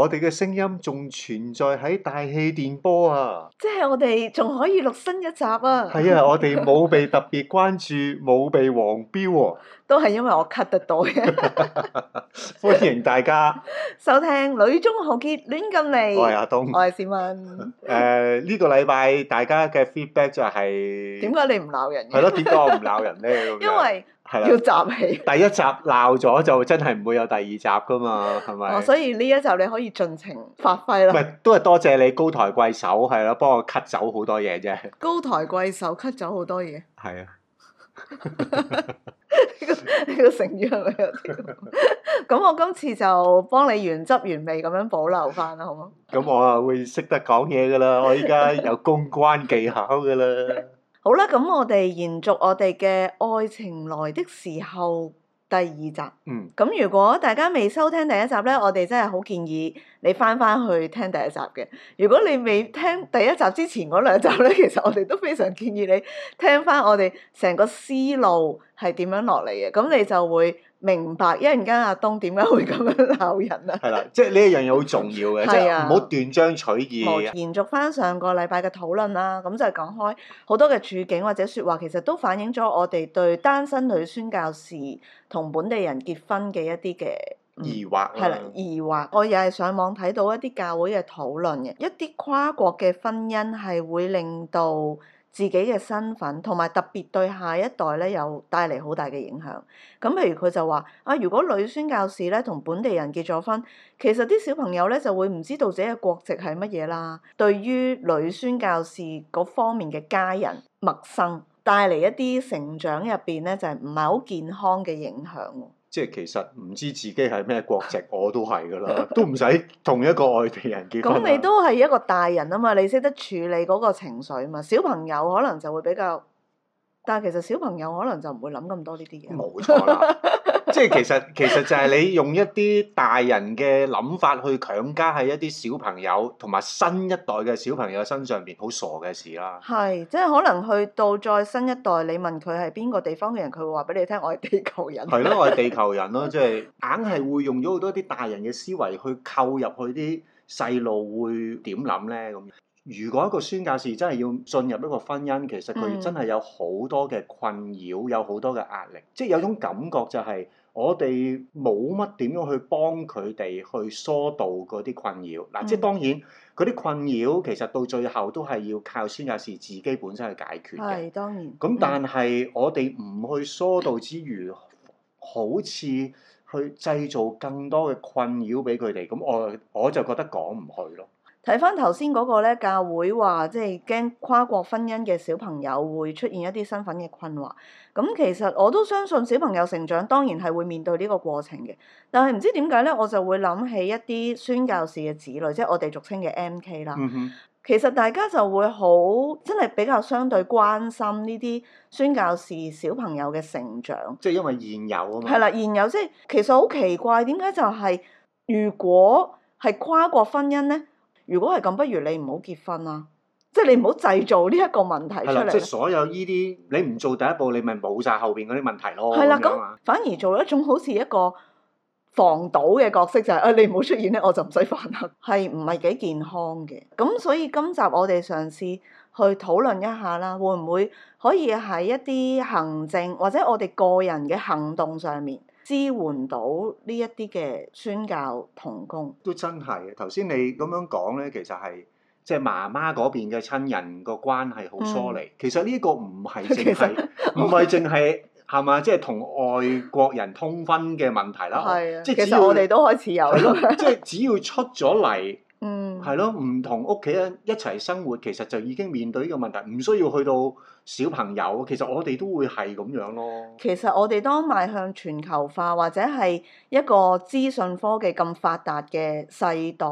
我哋嘅聲音仲存在喺大氣電波啊！即係我哋仲可以錄新一集啊！係啊，我哋冇被特別關注，冇被黃標喎。都係因為我 cut 得到嘅。歡迎大家收聽《女中豪傑亂咁嚟》。我係阿東，我係詩文。誒呢個禮拜大家嘅 feedback 就係點解你唔鬧人？係咯，點解我唔鬧人咧？因為要集氣。第一集鬧咗就真係唔會有第二集㗎嘛，係咪？哦，所以呢一集你可以。盡情發揮啦！咪都係多謝你高抬貴手，係咯，幫我 cut 走好多嘢啫。高抬貴手 cut 走好多嘢。係啊是的，呢 個 成語係咪有啲？咁 我今次就幫你原汁原味咁樣保留翻啦，好冇？咁 我啊會識得講嘢噶啦，我依家有公關技巧噶啦。 好啦，咁我哋延續我哋嘅愛情來的時候。第二集，咁、嗯、如果大家未收聽第一集咧，我哋真係好建議你翻翻去聽第一集嘅。如果你未聽第一集之前嗰兩集咧，其實我哋都非常建議你聽翻我哋成個思路係點樣落嚟嘅，咁你就會。明白，一陣間阿東點解會咁樣鬧人啊？係啦，即係呢一樣嘢好重要嘅，的即係唔好斷章取義。延續翻上，上個禮拜嘅討論啦，咁就係講開好多嘅處境或者説話，其實都反映咗我哋對單身女宣教士同本地人結婚嘅一啲嘅、嗯、疑惑、啊。係啦，疑惑。我又係上網睇到一啲教會嘅討論嘅，一啲跨國嘅婚姻係會令到。自己嘅身份同埋特別對下一代咧有帶嚟好大嘅影響。咁譬如佢就話啊，如果女宣教師咧同本地人結咗婚，其實啲小朋友咧就會唔知道自己嘅國籍係乜嘢啦。對於女宣教師嗰方面嘅家人陌生，帶嚟一啲成長入邊咧就係唔係好健康嘅影響。即係其實唔知自己係咩國籍，我都係㗎喇，都唔使同一個外地人結婚。咁 你都係一個大人啊嘛，你識得處理嗰個情緒啊嘛，小朋友可能就會比較。但其實小朋友可能就唔會諗咁多呢啲嘢。冇錯啦，即係其實其實就係你用一啲大人嘅諗法去強加喺一啲小朋友同埋新一代嘅小朋友身上邊，好傻嘅事啦。係，即係可能去到再新一代，你問佢係邊個地方嘅人，佢會話俾你聽，我係地球人。係咯，我係地球人咯，即係硬係會用咗好多啲大人嘅思維去扣入去啲細路會點諗咧咁。如果一個宣教士真係要進入一個婚姻，其實佢真係有好多嘅困擾，嗯、有好多嘅壓力，即係有種感覺就係我哋冇乜點樣去幫佢哋去疏導嗰啲困擾。嗱、嗯，即係當然嗰啲困擾其實到最後都係要靠宣教士自己本身去解決嘅。係、嗯、當然。咁、嗯、但係我哋唔去疏導之餘，好似去製造更多嘅困擾俾佢哋，咁我我就覺得講唔去咯。睇翻頭先嗰個咧，教會話即係驚跨國婚姻嘅小朋友會出現一啲身份嘅困惑。咁其實我都相信小朋友成長當然係會面對呢個過程嘅，但係唔知點解咧，我就會諗起一啲宣教士嘅子女，即係我哋俗稱嘅 MK 啦。嗯哼。其實大家就會好真係比較相對關心呢啲宣教士小朋友嘅成長，即係因為現有啊嘛。係啦，現有即係，其實好奇怪，點解就係如果係跨國婚姻咧？如果係咁，不如你唔好結婚啦，即係你唔好製造呢一個問題出嚟。即係所有呢啲，你唔做第一步，你咪冇晒後邊嗰啲問題咯。係啦，咁樣反而做一種好似一個防堵嘅角色就係、是，啊、哎、你唔好出現咧，我就唔使煩啊。係唔係幾健康嘅？咁所以今集我哋嘗試去討論一下啦，會唔會可以喺一啲行政或者我哋個人嘅行動上面？支援到呢一啲嘅宣教同工，都真係。頭先你咁樣講咧，其實係即係媽媽嗰邊嘅親人個關係好疏離。嗯、其實呢個唔係淨係，唔係淨係係嘛，即係同外國人通婚嘅問題啦。即係 其實我哋都開始有咯。即係只要出咗嚟。嗯，係咯，唔同屋企人一齊生活，其實就已經面對呢個問題，唔需要去到小朋友，其實我哋都會係咁樣咯。其實我哋當邁向全球化，或者係一個資訊科技咁發達嘅世代，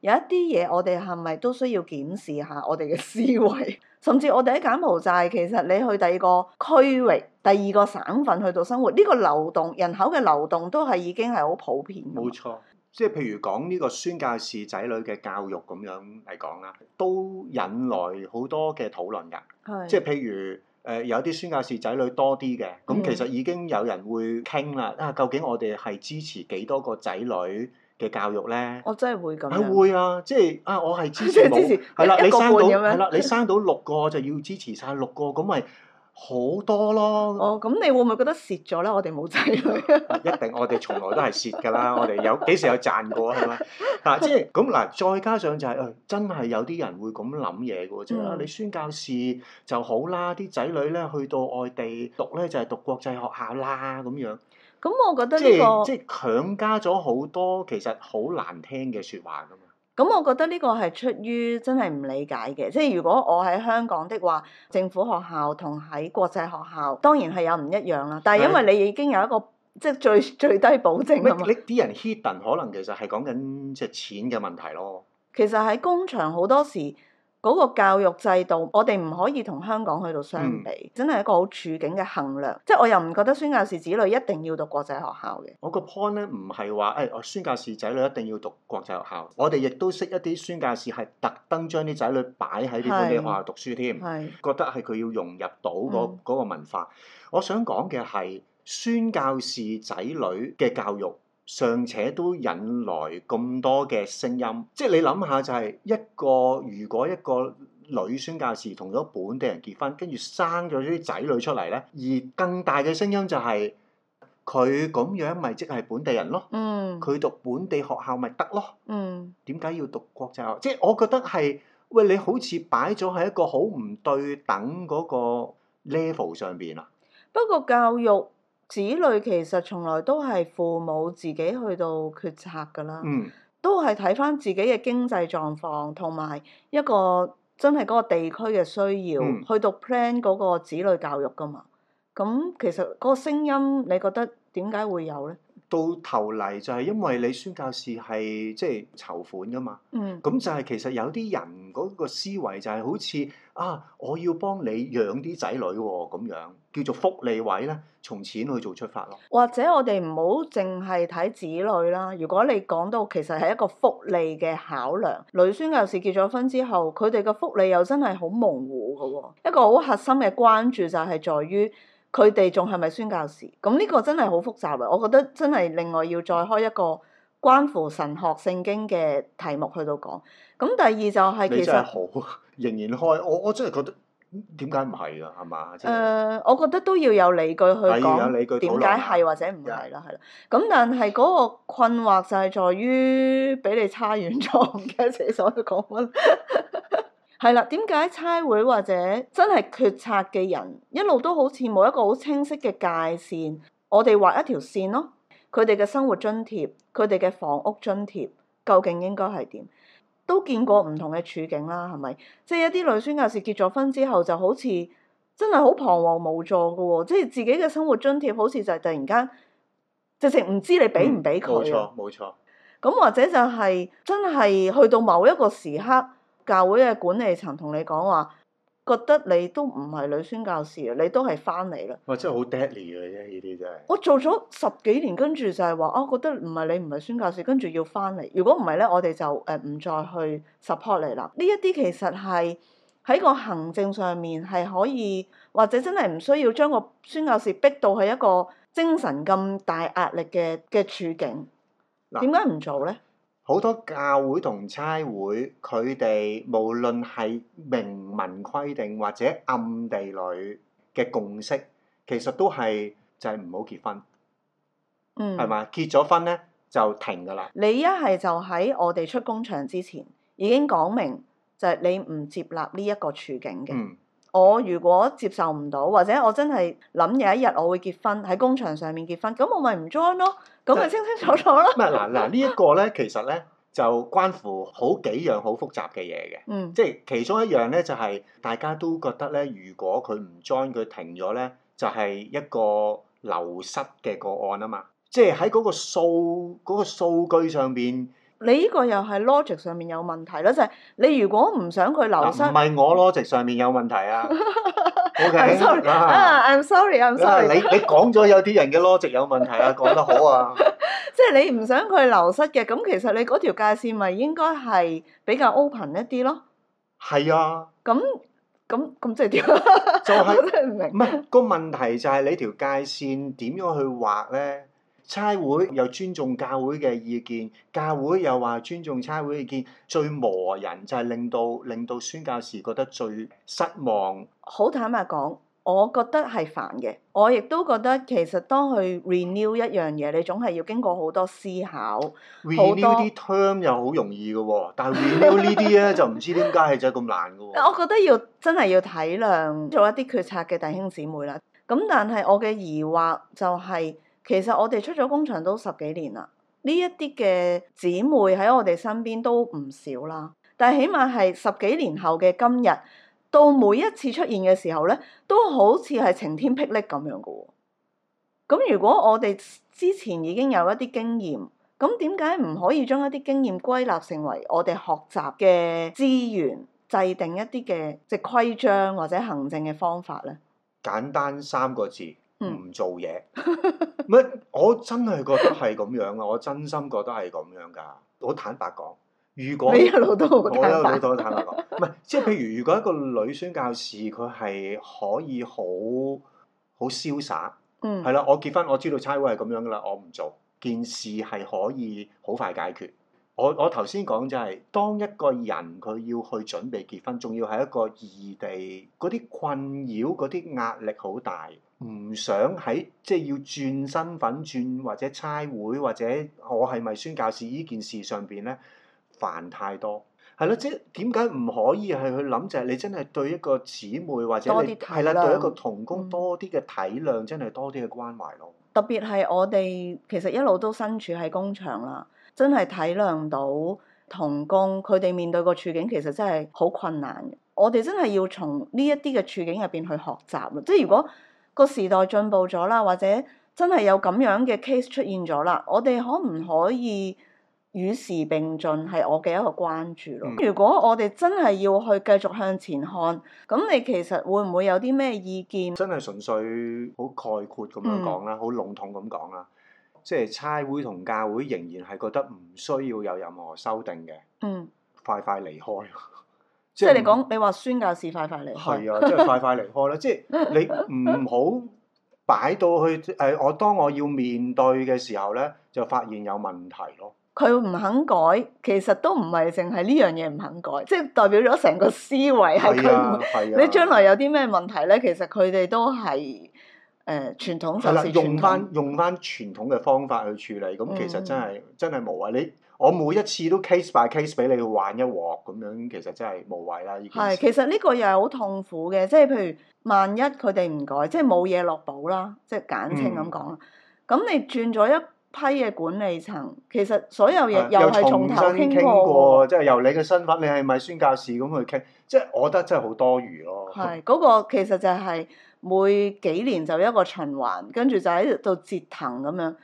有一啲嘢我哋係咪都需要檢視下我哋嘅思維？甚至我哋喺柬埔寨，其實你去第二個區域，第二個省份去到生活，呢個流動人口嘅流動都係已經係好普遍。冇錯。即係譬如講呢個宣教士仔女嘅教育咁樣嚟講啦，都引來好多嘅討論㗎。係是。即係譬如誒、呃，有啲宣教士仔女多啲嘅，咁、嗯嗯、其實已經有人會傾啦。啊，究竟我哋係支持幾多個仔女嘅教育咧？我真係會咁。係、啊、會啊！即係啊，我係支持冇。係 啦，你生到係啦，你生到六個就要支持晒六個，咁咪。 好多咯！哦，咁你會唔會覺得蝕咗咧？我哋冇仔女， 一定我哋從來都係蝕噶啦！我哋有幾時有賺過啊？係咪嗱，即係咁嗱，再加上就係、是、誒、哎，真係有啲人會咁諗嘢嘅啫。嗯、你宣教士就好啦，啲仔女咧去到外地讀咧就係、是、讀國際學校啦，咁樣。咁、嗯、我覺得呢、呢個即係強加咗好多其實好難聽嘅説話㗎。咁、嗯、我覺得呢個係出於真係唔理解嘅，即係如果我喺香港的話，政府學校同喺國際學校當然係有唔一樣啦。但係因為你已經有一個的即係最最低保證咁樣。啲、嗯、人 hidden 可能其實係講緊即係錢嘅問題咯。其實喺工場好多時，嗰個教育制度，我哋唔可以同香港去到相比，嗯、真係一個好處境嘅衡量。即係我又唔覺得宣教士子女一定要讀國際學校嘅、哎。我個 point 咧唔係話誒，我宣教士仔女一定要讀國際學校。我哋亦都識一啲宣教士係特登將啲仔女擺喺啲本地學校讀書添，覺得係佢要融入到嗰、那個嗯、個文化。我想講嘅係宣教士仔女嘅教育。尚且都引來咁多嘅聲音，即係你諗下，就係一個如果一個女宣教士同咗本地人結婚，跟住生咗啲仔女出嚟咧，而更大嘅聲音就係佢咁樣咪即係本地人咯。嗯，佢讀本地學校咪得咯。嗯，點解要讀國際學校？即係我覺得係喂，你好似擺咗喺一個好唔對等嗰個 level 上邊啊。不過教育。子女其實從來都係父母自己去到決策噶啦，嗯、都係睇返自己嘅經濟狀況同埋一個真係嗰個地區嘅需要，嗯、去到 plan 嗰個子女教育噶嘛。咁其實嗰個聲音，你覺得點解會有咧？到頭嚟就係因為你孫教士係即係籌款㗎嘛，咁、嗯、就係其實有啲人嗰個思維就係好似啊，我要幫你養啲仔女喎、哦、咁樣，叫做福利位咧，從錢去做出發咯。或者我哋唔好淨係睇子女啦，如果你講到其實係一個福利嘅考量，女孫教士結咗婚之後，佢哋嘅福利又真係好模糊㗎喎。一個好核心嘅關注就係在於。佢哋仲係咪宣教士？咁呢個真係好複雜嘅、啊，我覺得真係另外要再開一個關乎神學聖經嘅題目去到講。咁第二就係其實好仍然開，我我真係覺得點解唔係啊？係嘛？誒、呃，我覺得都要有理據去講，點解係或者唔係啦？係啦的。咁但係嗰個困惑就係在於，俾你差遠咗，唔記得自己所講係啦，點解差會或者真係決策嘅人一路都好似冇一個好清晰嘅界線？我哋畫一條線咯，佢哋嘅生活津貼、佢哋嘅房屋津貼究竟應該係點？都見過唔同嘅處境啦，係咪？即係一啲女宣教士結咗婚之後，就好似真係好彷徨無助嘅喎，即係自己嘅生活津貼好似就係突然間直情唔知你俾唔俾佢？嗯，冇錯，冇錯。咁或者就係真係去到某一個時刻。教會嘅管理層同你講話，覺得你都唔係女宣教士，你都係翻嚟啦。哇！真係好 deadly 嘅啫，呢啲真係。我做咗十幾年，跟住就係話，哦，我覺得唔係你唔係宣教士，跟住要翻嚟。如果唔係咧，我哋就誒唔再去 support 你啦。呢一啲其實係喺個行政上面係可以，或者真係唔需要將個宣教士逼到係一個精神咁大壓力嘅嘅處境。點解唔做咧？好多教會同差會，佢哋無論係明文規定或者暗地裏嘅共識，其實都係就係唔好結婚。嗯，係嘛？結咗婚咧就停㗎喇。你一係就喺我哋出工場之前已經講明，就係你唔接納呢一個處境嘅。嗯，我如果接受唔到，或者我真係諗有一日我會結婚，喺工場上面結婚，咁我咪唔 join 咯。咁咪清清楚楚咯。嗱，嗱呢一個咧，其實咧就關乎好幾樣好複雜嘅嘢嘅。嗯，即係其中一樣咧，就係、是、大家都覺得咧，如果佢唔 join 佢停咗咧，就係、是、一個流失嘅個案啊嘛。即係喺嗰個數嗰、那個數據上邊，你呢個又係 logic 上面有問題咯，就係、是、你如果唔想佢流失，唔係、呃、我 logic 上面有問題啊。 OK，sorry 啊，I'm sorry，I'm sorry。你你講咗有啲人嘅邏輯有問題啊，講得好啊。即係你唔想佢流失嘅，咁其實你嗰條界線咪應該係比較 open 一啲咯。係啊。咁咁咁即係點啊？我真係唔明。唔係，個問題就係你條界線點樣去畫咧？差會又尊重教會嘅意見，教會又話尊重差會意見。最磨人就係令到令到宣教士覺得最失望。好坦白講，我覺得係煩嘅。我亦都覺得其實當佢 renew 一樣嘢，你總係要經過好多思考。renew 啲多 term 又好容易嘅喎，但係 renew 呢啲咧就唔知點解係真係咁難嘅喎。 我覺得要真係要體諒做一啲決策嘅弟兄姊妹啦。咁但係我嘅疑惑就係、是。其實我哋出咗工場都十幾年啦，呢一啲嘅姊妹喺我哋身邊都唔少啦。但係起碼係十幾年後嘅今日，到每一次出現嘅時候咧，都好似係晴天霹靂咁樣嘅喎。咁如果我哋之前已經有一啲經驗，咁點解唔可以將一啲經驗歸納成為我哋學習嘅資源，制定一啲嘅即係規章或者行政嘅方法咧？簡單三個字。唔做嘢，我真係覺得係咁樣啊！我真心覺得係咁樣噶。我坦白講，如果你一我一路都坦白講，唔係即係譬如，如果一個女宣教士，佢係可以好好瀟灑，係啦、嗯。我結婚我知道差會係咁樣噶啦。我唔做件事係可以好快解決。我我頭先講就係當一個人佢要去準備結婚，仲要喺一個異地，嗰啲困擾、嗰啲壓力好大。唔想喺即係要轉身份轉或者差會或者我係咪宣教士呢件事上邊咧煩太多，係咯？即係點解唔可以係去諗？就係、是、你真係對一個姊妹或者係啦對一個童工、嗯、多啲嘅體諒，真係多啲嘅關懷咯。特別係我哋其實一路都身處喺工場啦，真係體諒到童工佢哋面對個處境其實真係好困難嘅。我哋真係要從呢一啲嘅處境入邊去學習咯。即係如果。個時代進步咗啦，或者真係有咁樣嘅 case 出現咗啦，我哋可唔可以與時並進？係我嘅一個關注咯。嗯、如果我哋真係要去繼續向前看，咁你其實會唔會有啲咩意見？真係純粹好概括咁樣講啦，好、嗯、籠統咁講啦，即係差會同教會仍然係覺得唔需要有任何修訂嘅，嗯，快快離開。即係你講、啊，你話宣教士快快離開，係啊，即係快快離開咧。即係你唔好擺到去誒，我當我要面對嘅時候咧，就發現有問題咯。佢唔肯改，其實都唔係淨係呢樣嘢唔肯改，即係代表咗成個思維係虛無。啊，啊你將來有啲咩問題咧？其實佢哋都係誒傳統就是、啊、用翻用翻傳統嘅方法去處理，咁其實真係、嗯、真係冇啊！你。我每一次都 case by case 俾你去玩一鑊，咁樣，其實真係無謂啦。係，其實呢個又係好痛苦嘅，即係譬如萬一佢哋唔改，即係冇嘢落保啦，即係簡稱咁講啦。咁、嗯、你轉咗一批嘅管理層，其實所有嘢是又係從頭傾從新 過。過，即係由你嘅身份，你係咪宣教士咁去傾？即係我覺得真係好多餘咯。係嗰是個其實就係每幾年就一個循環，跟住就喺度折騰咁樣。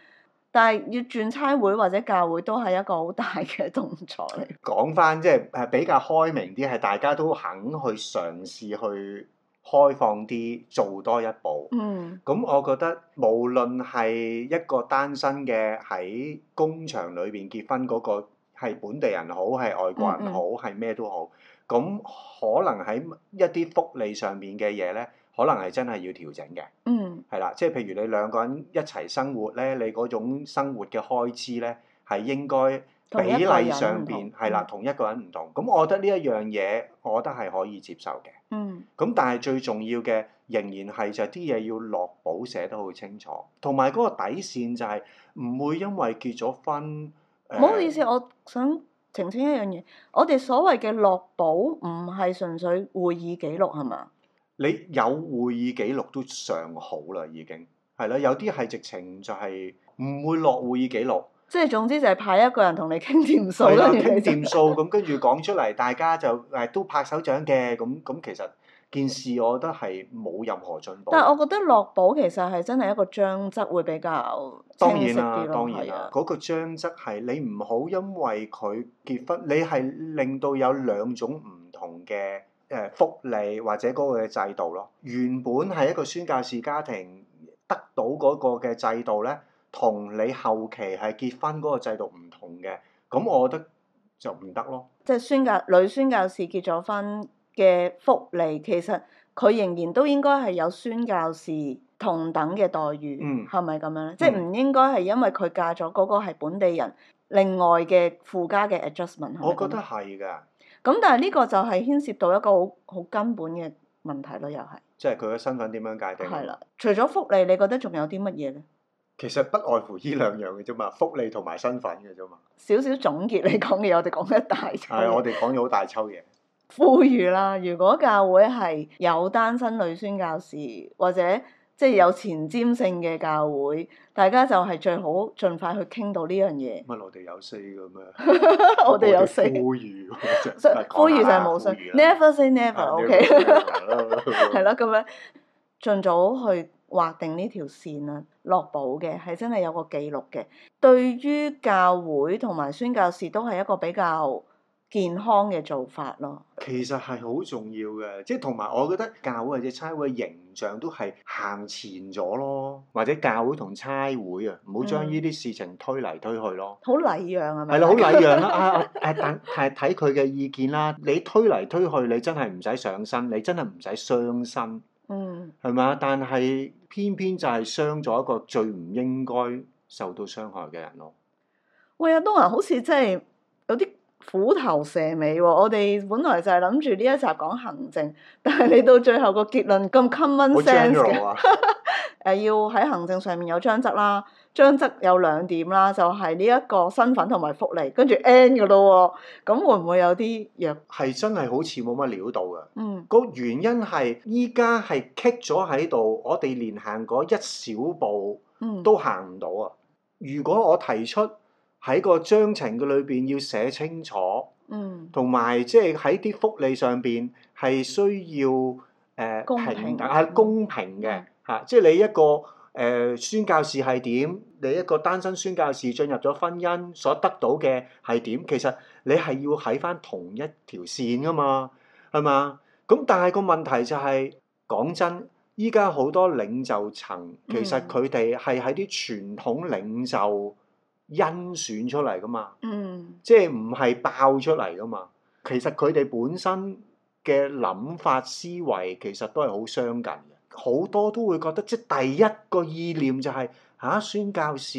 但係要轉差會或者教會都係一個好大嘅動作。講返即係比較開明啲，係大家都肯去嘗試去開放啲，做多一步。嗯。咁我覺得無論係一個單身嘅喺工場裏邊結婚嗰、嗰個係本地人好，係外國人好，係咩、嗯嗯、都好。咁可能喺一啲福利上面嘅嘢呢。可能係真係要調整嘅，係啦、嗯，即係譬如你兩個人一齊生活咧，你嗰種生活嘅開支咧係應該比例上邊係啦，同一個人唔同。咁、嗯、我覺得呢一樣嘢，我覺得係可以接受嘅。嗯。咁但係最重要嘅，仍然係就係啲嘢要落保寫得好清楚，同埋嗰個底線就係唔會因為結咗婚。唔好意思，嗯、我想澄清一樣嘢，我哋所謂嘅落保唔係純粹會議記錄，係嘛？你有會議記錄都尚好啦，已經係啦，有啲係直情就係唔會落會議記錄，即係總之就係派一個人同你傾掂數啦，傾掂數咁跟住講出嚟，大家就誒、啊、都拍手掌嘅，咁咁其實件事我覺得係冇任何進步。但係我覺得落簿其實係真係一個章則會比較當，當然啦，當然啦，嗰個章則係你唔好因為佢結婚，你係令到有兩種唔同嘅。誒福利或者嗰個嘅制度咯，原本係一個宣教士家庭得到嗰個嘅制度咧，同你後期係結婚嗰個制度唔同嘅，咁我覺得就唔得咯。即係宣教女宣教士結咗婚嘅福利，其實佢仍然都應該係有宣教士同等嘅待遇，係咪咁樣咧？嗯、即係唔應該係因為佢嫁咗嗰個係本地人，另外嘅附加嘅 adjustment。我覺得係㗎。咁但係呢個就係牽涉到一個好好根本嘅問題咯，又係。即係佢嘅身份點樣界定？係啦，除咗福利，你覺得仲有啲乜嘢咧？其實不外乎呢兩樣嘅啫嘛，福利同埋身份嘅啫嘛。少少總結你講嘅嘢，我哋講一大抽。係，我哋講咗好大抽嘢。 呼籲啦！如果教會係有單身女宣教士或者，即係有前瞻性嘅教會，大家就係最好盡快去傾到呢樣嘢。咪我哋有四個咩？我哋有四個。 呼籲 是呼籲就係冇聲。Never say never，OK？係囉，咁樣盡早去劃定呢條線，落補嘅係真係有個記錄嘅。對於教會同埋宣教士都係一個比較健康嘅做法咯，其實係好重要嘅，即係同埋我覺得教會或者差會形象都係行前咗咯，或者教會同差會啊，唔好將呢啲事情推嚟推去咯。好禮讓係、啊、咪？係 啦，好禮讓啦。啊誒，但係睇佢嘅意見啦、啊。你推嚟推去，你真係唔使上身，你真係唔使傷身，嗯、um。係咪？但係偏偏就係傷咗一個最唔應該受到傷害嘅人咯。我阿都華好似真係有啲。虎頭蛇尾喎、哦！我哋本來就係諗住呢一集講行政，但係你到最後個結論咁 common sense 嘅、啊，誒 要喺行政上面有章則啦，章則有兩點啦，就係呢一個身份同埋福利，跟住 end 嘅咯喎，咁會唔會有啲弱？係真係好似冇乜料到嘅，嗯、個原因係依家係棘咗喺度，我哋連行嗰一小步都行唔到啊！如果我提出喺個章程嘅裏邊要寫清楚，嗯，同埋即係喺啲福利上邊係需要誒平等係公平嘅嚇，即係你一個誒宣教士係點，你一個單身宣教士進入咗婚姻所得到嘅係點，其實你係要喺返同一條線噶嘛，係嘛？咁但係個問題就係講真，依家好多領袖層其實佢哋係喺啲傳統領袖。甄選出嚟㗎嘛，嗯、即係唔係爆出嚟㗎嘛？其實佢哋本身嘅諗法思維其實都係好相近嘅，好多都會覺得即係第一個意念就係、是、吓、啊，宣教士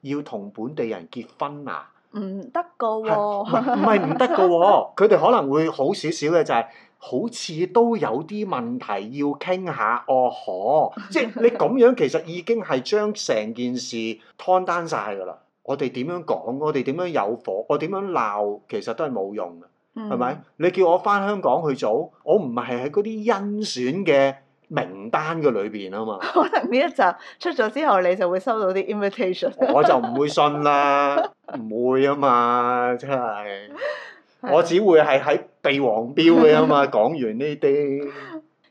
要同本地人結婚啊？唔得㗎喎，唔係唔得㗎喎，佢哋、啊、 可能會好少少嘅就係、是、好似都有啲問題要傾下哦嗬， 即係你咁樣其實已經係將成件事攤單晒㗎啦。我哋點樣講？我哋點樣有火？我點樣鬧？其實都係冇用嘅，係咪、嗯？你叫我翻香港去做，我唔係喺嗰啲甄選嘅名單嘅裏邊啊嘛。可能呢一集出咗之後，你就會收到啲 invitation。我就唔會信啦，唔 會啊嘛！真係， 我只會係喺避黃標嘅啊嘛。 講完呢啲，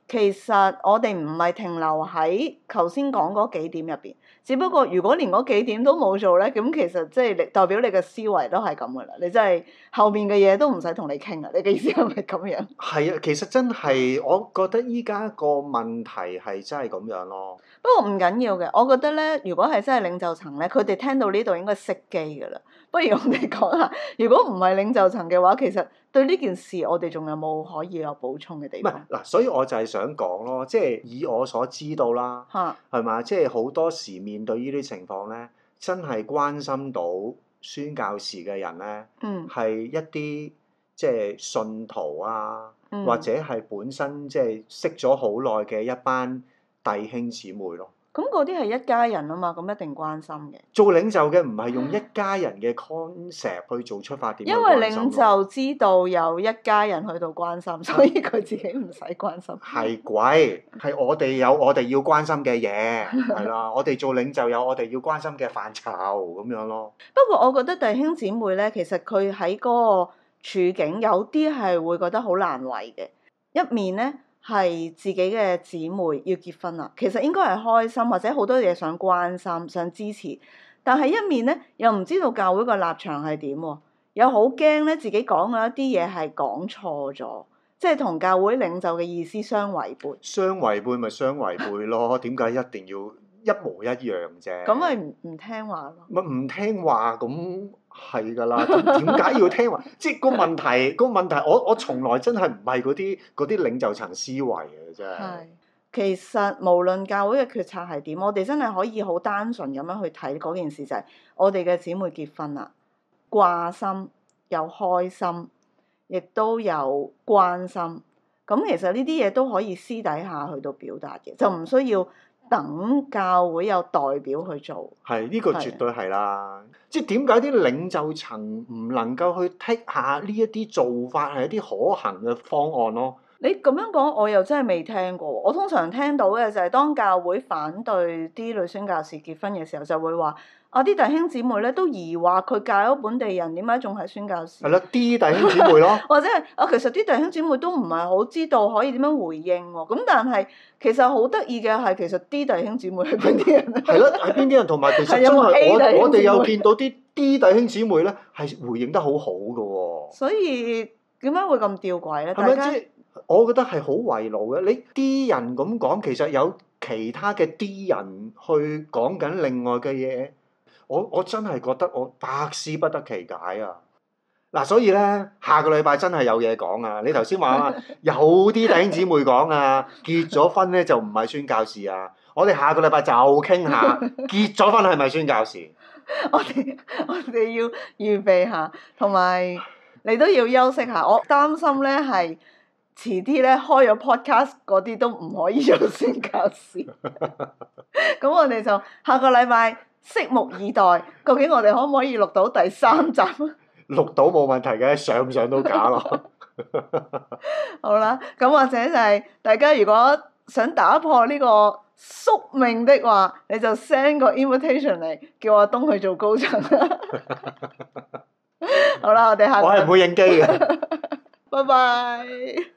其實我哋唔係停留喺頭先講嗰幾點入邊。只不過，如果連嗰幾點都冇做咧，咁其實即係代表你嘅思維都係咁噶啦，你真係後面嘅嘢都唔使同你傾啦。你嘅意思係咪咁樣？係啊，其實真係我覺得依家個問題係真係咁樣咯。不過唔緊要嘅，我覺得咧，如果係真係領袖層咧，佢哋聽到呢度應該熄機噶啦。不如我哋講啦。如果唔係領袖層嘅話，其實對呢件事我哋仲有冇可以有補充嘅地方？嗱，所以我就係想講咯，即係以我所知道啦，係嘛、啊，即係好多時面對呢啲情況咧，真係關心到宣教士嘅人咧，係、嗯、一啲即係信徒啊，嗯、或者係本身即係識咗好耐嘅一班弟兄姊妹咯。咁嗰啲係一家人啊嘛，咁一定關心嘅。做領袖嘅唔係用一家人嘅 concept 去做出發點樣關心咯。因為領袖知道有一家人去到關心，所以佢自己唔使關心。係 鬼，係我哋有我哋要關心嘅嘢，係 啦，我哋做領袖有我哋要關心嘅範疇咁樣咯。 不過我覺得弟兄姊妹咧，其實佢喺嗰個處境有啲係會覺得好難為嘅一面咧。係自己嘅姊妹要結婚啦，其實應該係開心，或者好多嘢想關心、想支持，但係一面咧又唔知道教會個立場係點喎，又好驚咧自己講嘅一啲嘢係講錯咗，即係同教會領袖嘅意思相違背。相違背咪相違背咯，點解 一定要一模一樣啫？咁咪唔唔聽話咯？咪唔聽話咁。係噶啦，點解要聽話？即係個問題，個問題，我我從來真係唔係嗰啲嗰啲領袖層思維嘅啫。係。其實無論教會嘅決策係點，我哋真係可以好單純咁樣去睇嗰件事，就係我哋嘅姊妹結婚啦，掛心又開心，亦都有關心。咁其實呢啲嘢都可以私底下去到表達嘅，就唔需要。等教會有代表去做，係呢、呢個絕對係啦。是即係點解啲領袖層唔能夠去剔下呢一啲做法係一啲可行嘅方案咯？你咁樣講，我又真係未聽過。我通常聽到嘅就係當教會反對啲女宣教士結婚嘅時候，就會話。我啲、啊、弟兄姊妹咧都疑惑，佢嫁咗本地人，點解仲係宣教士？係啦，d 弟兄姊妹咯。 或者係，啊，其實啲弟兄姊妹都唔係好知道可以點樣回應喎。咁、啊、但係其實好得意嘅係，其實 D 弟兄姊妹係邊啲人？係 咯，係邊啲人？同埋其實因為我我哋有見到啲 D, D 弟兄姊妹咧，係回應得好好嘅喎。所以點解會咁吊詭咧？係咪大家，我覺得係好為老嘅。你 D 人咁講，其實有其他嘅 D 人去講緊另外嘅嘢。我我真係覺得我百思不得其解啊！嗱、啊，所以咧，下個禮拜真係有嘢講啊！你頭先話有啲靚姊妹講啊，結咗婚咧就唔係宣教士啊！我哋下個禮拜就傾下結咗婚係咪宣教士？ 我哋我哋要預備下，同埋你都要休息下。我擔心咧係遲啲咧開咗 podcast 嗰啲都唔可以有宣教士。咁 我哋就下個禮拜。拭目以待，究竟我哋可唔可以錄到第三集？錄到冇問題嘅，想唔想都假咯。 好啦，咁或者就係大家如果想打破呢個宿命的話，你就 send 個 invitation 嚟，叫阿東去做高層啦。 好啦，我哋下我係唔會應機嘅。拜 拜。